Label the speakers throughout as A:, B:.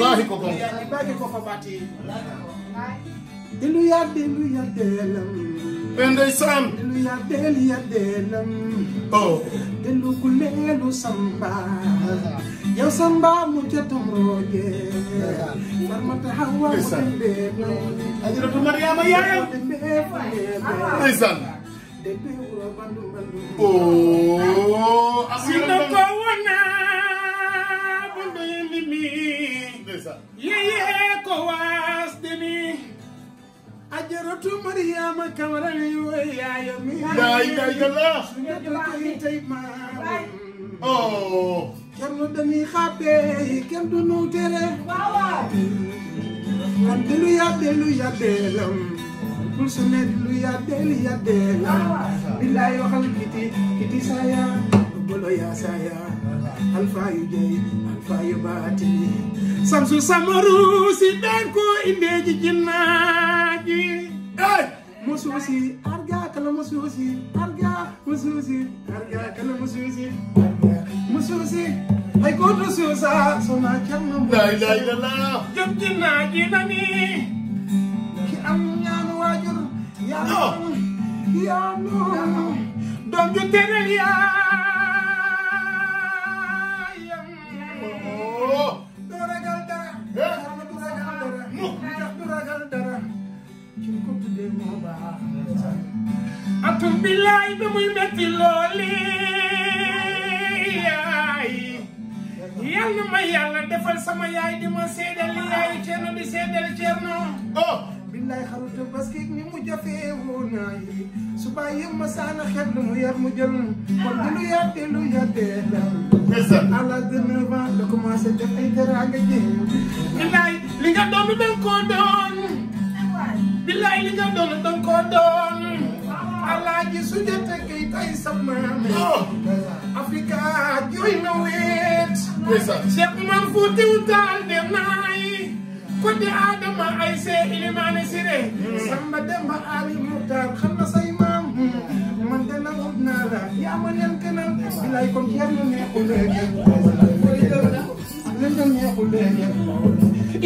A: wallahi ko gonga yadibaki ko fabati ilu yadde ilu yaddelam ɓe eh, ndeysan ilu yaddel yaddelam o oh. delu ku leelu samba yow samba mu jotomroje farmata hawa moɗembeɓe ajiratu mariama yayam ndeysan deɓe wuro bandu bandu o oh. sinno ko wona mbënd mi yeye ko waas de mi ajaratu Mariama Kamara mi woy yaayo mi yaay yaay yàlla suñu tey maam oh kerno dañuy xàppee kenn du nu tere waaw kon di lu yàbbee lu yàbbee lam bul su ne lu yàbbee lu yàbbee lam billaay waxal kiti kiti saaya bolo yaa saaya alfayu jey alfayu baatini samsu samaru si ɗen ko indeji jinnaji ey mo suusi kala mo suusi kala mo suusi arga mo suusi
B: hay goto suusa
A: sona camma la ilaha illallah jom nani ki am ñaano wajur yaano yaano dom jo terel yaa yaay bi muy metti looli yaay yal na ma yàlla defal sama yaay di ma seedal yaay Cerno di seedal Cerno oh billaay xaru Tabaski ni mu jafee woon naay su bàyyi ma saana xeb lu mu yar mu jël kon di lu yàddee lu yàddee la à l'âge de neuf ans la commencé def ay teraanga ji billaay li nga doon danga koo doon billaay li nga doon danga koo doon alaaji su dee tëggee tay sama maame Afrika jooy na weet Cheikh Oumar Foutiyou Tall dem naay ko di Adama ay see Ilimane Siré mm. Samba Demba Ali Moutar xam na say maam mm. man de na wut naa la yaa ma leen gënal bilaay kon yàlla neexul léegi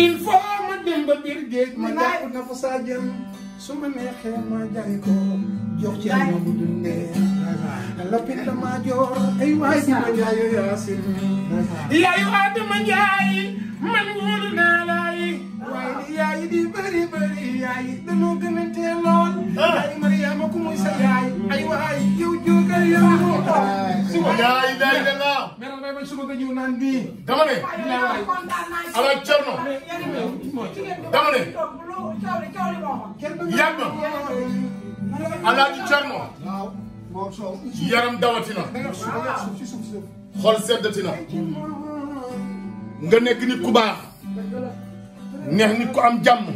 A: il faut ma dem ba biir géej ma jàpp na fa saa jëm su ma neexee ma jaay ko jox ci ma bu dundee lapita ma joor ay waay di ma jaayu yaasin yaayu Adama Njaay man wóolu naa laay waaye di yaay di bëri bëri yaay danoo gën a tee lool ah. yaay Mariama ku muy sa yaay ay waay jiw jiw mais suba nga dama ne. alors Thierno. dama ne. yàgg na. alaaji Thierno. yaram dawatina.
B: xol seddatina. nga nekk nit ku baax. neex ku am jàmm.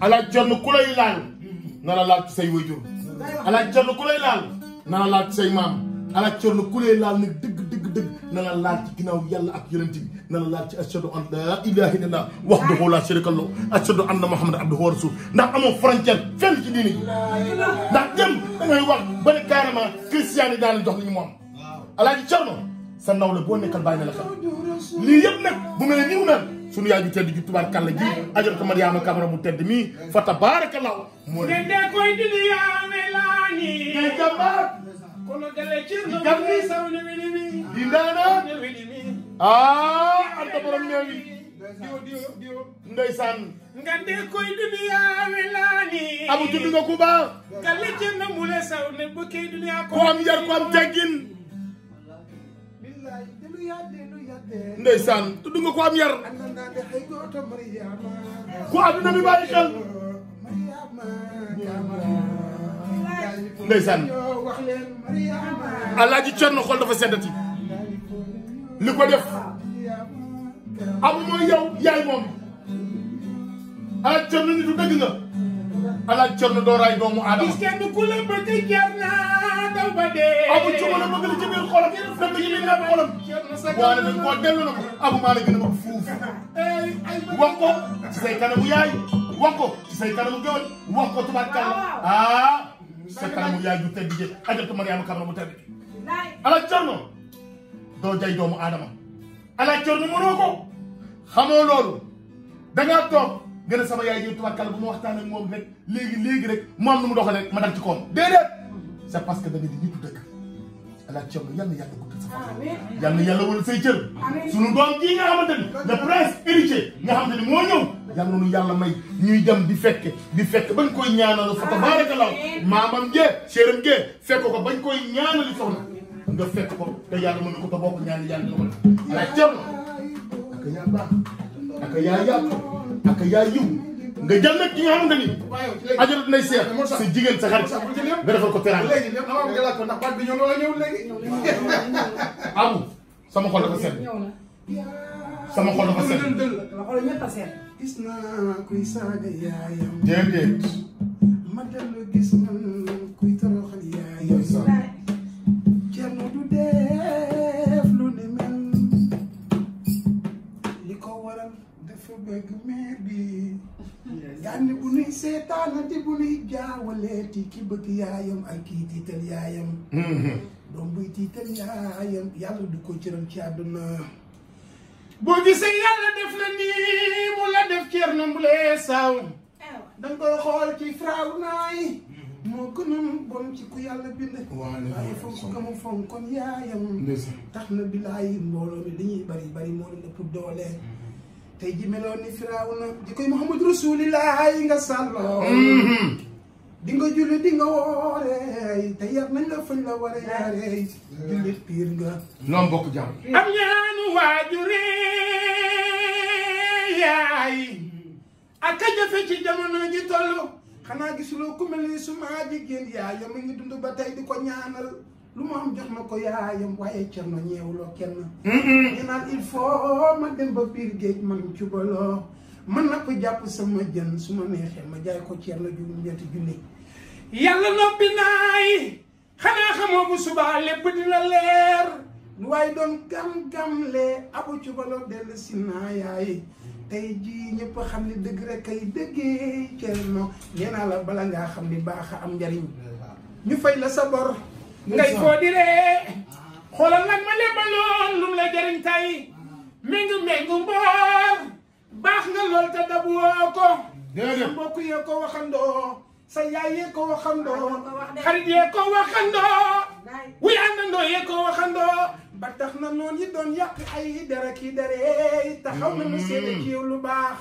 B: alaaji Thierno ku lay laal. na la laal ci say wajur. alaaji Thierno ku lay laal. na la sey ci say maam alaaj Cerno ku lay laal nag dëgg dëgg dëgg na la laal ci ginnaaw yàlla ak yonent bi na la laal ci ashadu an laa ilaha illallah wahdahu laa sharika lahu ashadu anna muhammadan abduhu wa rasuluh ndax amoo frontière fenn ci diini ndax dem da ngay wax ba ne carrément christian yi daal jox li ñu moom alaaji Cerno sa naw la boo nekkal bàyyi na la xam lii yëpp nag bu mel niw na sunu yaay ju tedd ji tubaar kàlla ji ajoor ko Mariama Kamara mu tedd mii
A: fa tabaarakallahu moo ne de koy dili yaame laa ni day jàmbaar kono dale cerno mi saw
B: ne wini mi di ndaanaan ne wini mi
A: ah
B: anta borom neewi
A: diw diw diw
B: ndeysaan nga de koy dili
A: yaame laa ni abu tudd nga ku
B: baax kàlla cerno
A: mu le saw ne bu
B: kay duniyaa ko am yar ko am ndeysaan tudd nga ko am yar ku àdduna bi bàyyi xel ndeysaan alaaji Cerno xol dafa seddati li ko def amu mooy yow yaay moom alaaji Cerno nitu dëgg nga alaaj Cerno doo raay doomu aadama. abu cuma la bëgg la ci biir xolam. dëkk ci biir naan xolam. waaye nag koo dellu na ko. abu maa la gën a bëgg fuuf. wax ci say kanamu yaay. wax ci say kanamu gëwël. wax ko tubaab kàlla. ah sa kanamu yaay ju tedd je ajatu Mariama Kamara bu tedd. alaaj Cerno doo jay doomu aadama. alaaj Cerno mënoo ko. xamoo loolu da ngaa toog. nga ne sama yaay ji tubarkal bu ma waxtaan ak moom rek léegi léegi rek mu am nu mu doxalee rek ma dal ci koom déedéet c'est parce que da nga di nitu dëkk ala ceeb la yàlla yàlla guddal yàlla yàlla wala say cër suñu doom nga xamante ni le prince héritier nga xamante ni moo ñëw yàlla nu yàlla may ñuy dem di fekke di fekk bañ koy ñaanal fa tabaarakallah maamam jee séeram jee fekk a bañ koy ñaanali soxna nga fekk ko te yàlla mën na ko te bokk ñaan yàlla na ko ala ceeb la ak yaa baax ak yaa yàpp parce que yaa yiw nga jël nag ki nga xamante ni ajarat nay seet sa jigéen sa xarit nga defal ko teraan abu sama xol dafa set sama xol
A: dafa set
B: déedéet
A: seetaanati bu nuy jaawaleeti ki bëgg yaayam ak kii tiital yaayam mm-hmm. doom buy tiital yaayam yàlla du ko cëral ci àdduna boo gisee yàlla def la nii mu la def ceer na mu lee saaw danga xool ci fraaw naay mm-hmm. moo gënoon bon ci ku yàlla bind waaye fonk ka mu fonkoon yaayam tax na bilaay mbooloo mi dañuy bari bari moo leen ëpp doole mm-hmm. tey ji melo ni firawna di koy muhammad rasulillahi nga sàlloo mm-hmm. di nga julli di nga wooree te yar la fañ la waree yaree piir nga
B: noon bokk jàmm
A: am ñaanu waajuri yaay ak a jafe ci jamono ji toll xanaa gisuloo ku mel ni suma jigéen yaay yam ngi ba tey di ko ñaanal lu ma am jox na ko yaayam waaye cerno ñeewuloo kenn ñu il faut ma dem ba biir géej man cubaloo mën na ko jàpp sama jën su ma neexee ma jaay ko cerno juróom ñetti junni yàlla noppi naay xanaa xamoo bu subaa lépp dina leer lu waaye doon gam-gam lee abu cubaloo dell si naa yaay tey jii ñëpp xam ne dëgg rek kay dëggee cerno nee naa la bala ngaa xam ni baax am njariñ ñu fay la sa bor ngay foo di ree xoolal nag ma lebaloon lum la jëriñ tay mingi mengu mboor baax nga lool te dabuwoo ko sa yee ko waxandoo sa yaay yee ko waxandoo xarit yee ko waxandoo wuy yee ko waxandoo ba tax na noon yi doon yàq ay dara kii daree taxaw na mu seede kiiw lu baax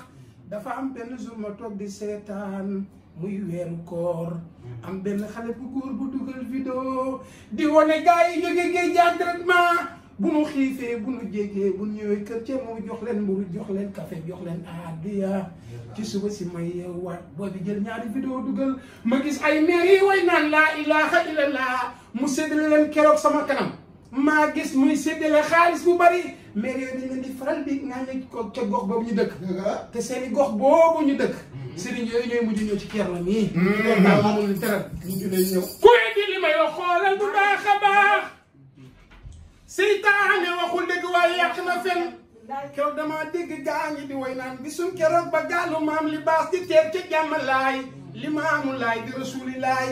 A: dafa am benn jour ma toog seetaan muy weeru koor mm. am benn xale bu góor bu dugal vidéo di wane gars yi jóge géej entraînement bu nu xiifee bu nu jégee bu nu ñëwee kër cee moo jox leen mburu jox leen café jox leen adiya ci suba si may yeewaat boo jël ñaari vidéo dugal ma gis ay maire yi way naan laa ilaha illallah mu séddale leen keroog sama kanam maa gis muy séddale xaalis bu bari maire yooyu dañ leen di faral di ngaa ngi ko ca gox boobu ñu dëkk te seeni gox boobu ñu dëkk mm. Mm-hmm. sëriñ yooyu ñooy mujj ñëw ci Thierno mii. ñoom mm-hmm. di li may wax xoolal bu baax a baax. seytaane waxul dëgg waaye yàq na fen. kaw damaa dégg gaa di way naan bisum keroog ba gaalu maam li baas di teer ca jàmm laay li maamu laay di rasuuli laay.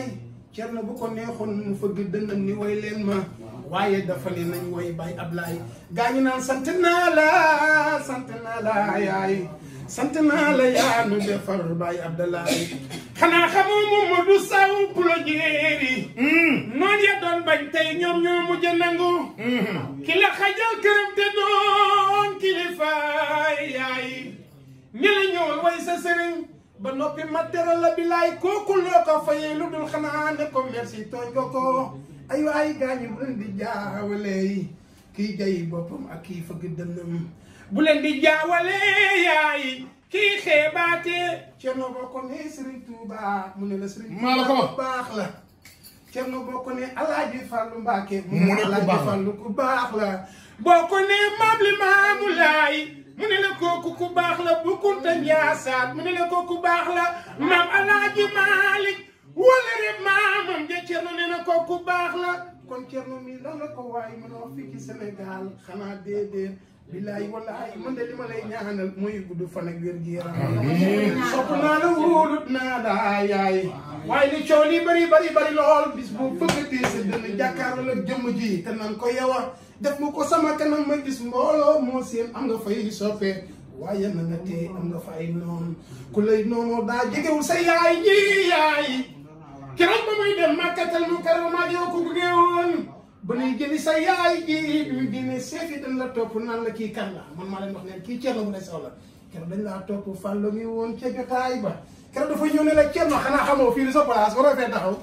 A: Thierno bu ko neexoon mu fëgg dënnam ni way leen ma. waaye dafa ne nañ way bay Ablaay. gaa ngi naan sant naa yaay. sant naa la yaa nu defar baay Abdalaay xanaa xamoo moom du saw bulo jéeri hmm. noon ya doon bañ tey ñoom ñoo mujj nangu
B: hmm.
A: ki la xajal këram te doon kilifaay yaay ni la way sa sëriñ ba noppi matériel la bilaay kooku loo ko fayee lu dul xanaa ne ko merci tooñ nga ko ay waay gaañu indi jaawale yi kiy jayi boppam ak kiy fëgg dënnam bu leen di jaawale yaay kii xeebaate Cerno boo ko ne Serigne Touba mu ne la Serigne Touba ku baax la Cerno boo ko ne Alaaji Fallu Mbàkke ku baax la boo ko ne Maam Limaamu Laay mu ne la kooku ku baax la bu Kunta Njaasaan mu ne la kooku baax la maam Alaaji Maalik wala rek maamam ja Cerno ne na kooku baax la kon Thierno mi lan la ko waaye mën a wax fii ci Sénégal xanaa déedéet billaay wallaay man de li ma lay ñaanal mooy gudd fan ak wér gi yaram. amiin sopp naa la wóolut waaye li coow li bari bari bari lool bis bu ji te nan ko yow def ma ko sama kanam ma gis moo seen nga fay soppee waaye na nga tee am nga fay noonu ku lay noonu daa jegewul sa yaay ji yaay. keroog ba muy dem màkkatal mu karaw maa yow ko buggee woon ba nuy jëli sa yaay ji ñu génne seeti dañ la topp la kii kan la man maa leen wax ne kii Thierno Moule la keroog laa topp fàllu mi woon ca jotaay ba keroog dafa ñëw ne la Thierno xanaa xamoo fii di sa place taxaw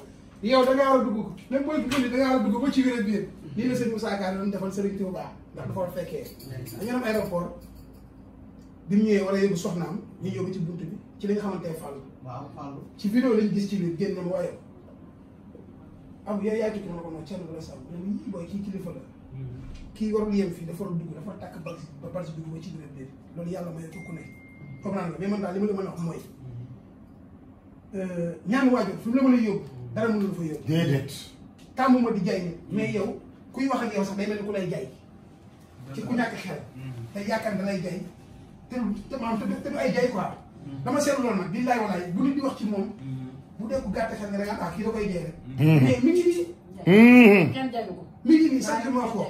A: yow da ngaa war a dugg même booy dugg nii da dugg ba ci biir biir lii la sëñ Moussa Ka doon defal Serigne Touba ndax a fekkee dañu dem aéroport bi mu ñëwee war a yóbbu soxnaam ñu yóbbu ci buntu bi ci li nga xamante ne waaw Fallou ci vidéo lañ gis ci biir ya mu waaye am yooyu yaa ngi ko noonu Thierno Bala Samb dañuy yii booy kii kilifa la. Mm-hmm. kii warul yem fii dafa dugg dafa takk bal ba bal si dugg ba ci biir biir loolu yàlla ma ko ku ne. comprendre nga mais man daal li ma la mën a wax mooy euh, ñaan waajur fi mu la mën a yóbbu dara mënu la fa yóbbu. déedéet. tàmmu ma di jaay nit mais mm-hmm. yow kuy wax ak yow sax day mel ni ku lay jaay. ci ku ñàkk xel. Mm-hmm. te yaakaar da lay jaay te te maanaam te du ay jaay dama seetlu loolu nag billaay walaay bu nit di wax ci moom. Mm-hmm. bu dee ku gàtt xel ne da ngaa ah kii da koy dee mm-hmm. mais mi nii. Mm-hmm. kenn jaay ko mi ngi nii chaque jour ma wax ko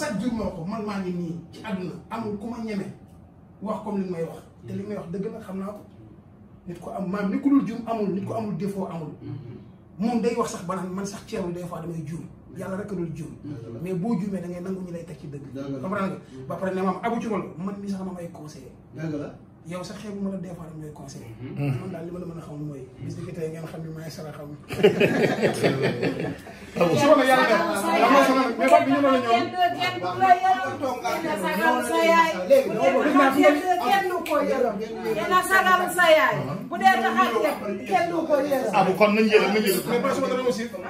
A: chaque jour ma wax ko man maa ngi nii ci àdduna amul ku ma ñeme wax comme li may wax te li may wax dëgg nag xam naa ko nit ko am maam nit ku dul juum amul nit ko amul défaut amul. moom day wax sax ba naan man sax ceebul des fois damay juum yàlla rek a dul juum. mais boo juumee da ngay nangu ñu lay teg ci dëgg. comprendre nga ba pare ne maam abu ci loolu man mi sax ma may conseillé. dëgg la. yow sax xeebu mën a des fois ñooy conseil man daal li ma la mën a xamal mooy bis bi tey ngeen xam ne maay sara xam sona yàlla dama sona mais ba bi ñu la ñoom yéena sagal sa yaay bu dee taxaw
B: kenn du ko yërëm abu kon nañ yërëm nañ yërëm mais ba suma dara aussi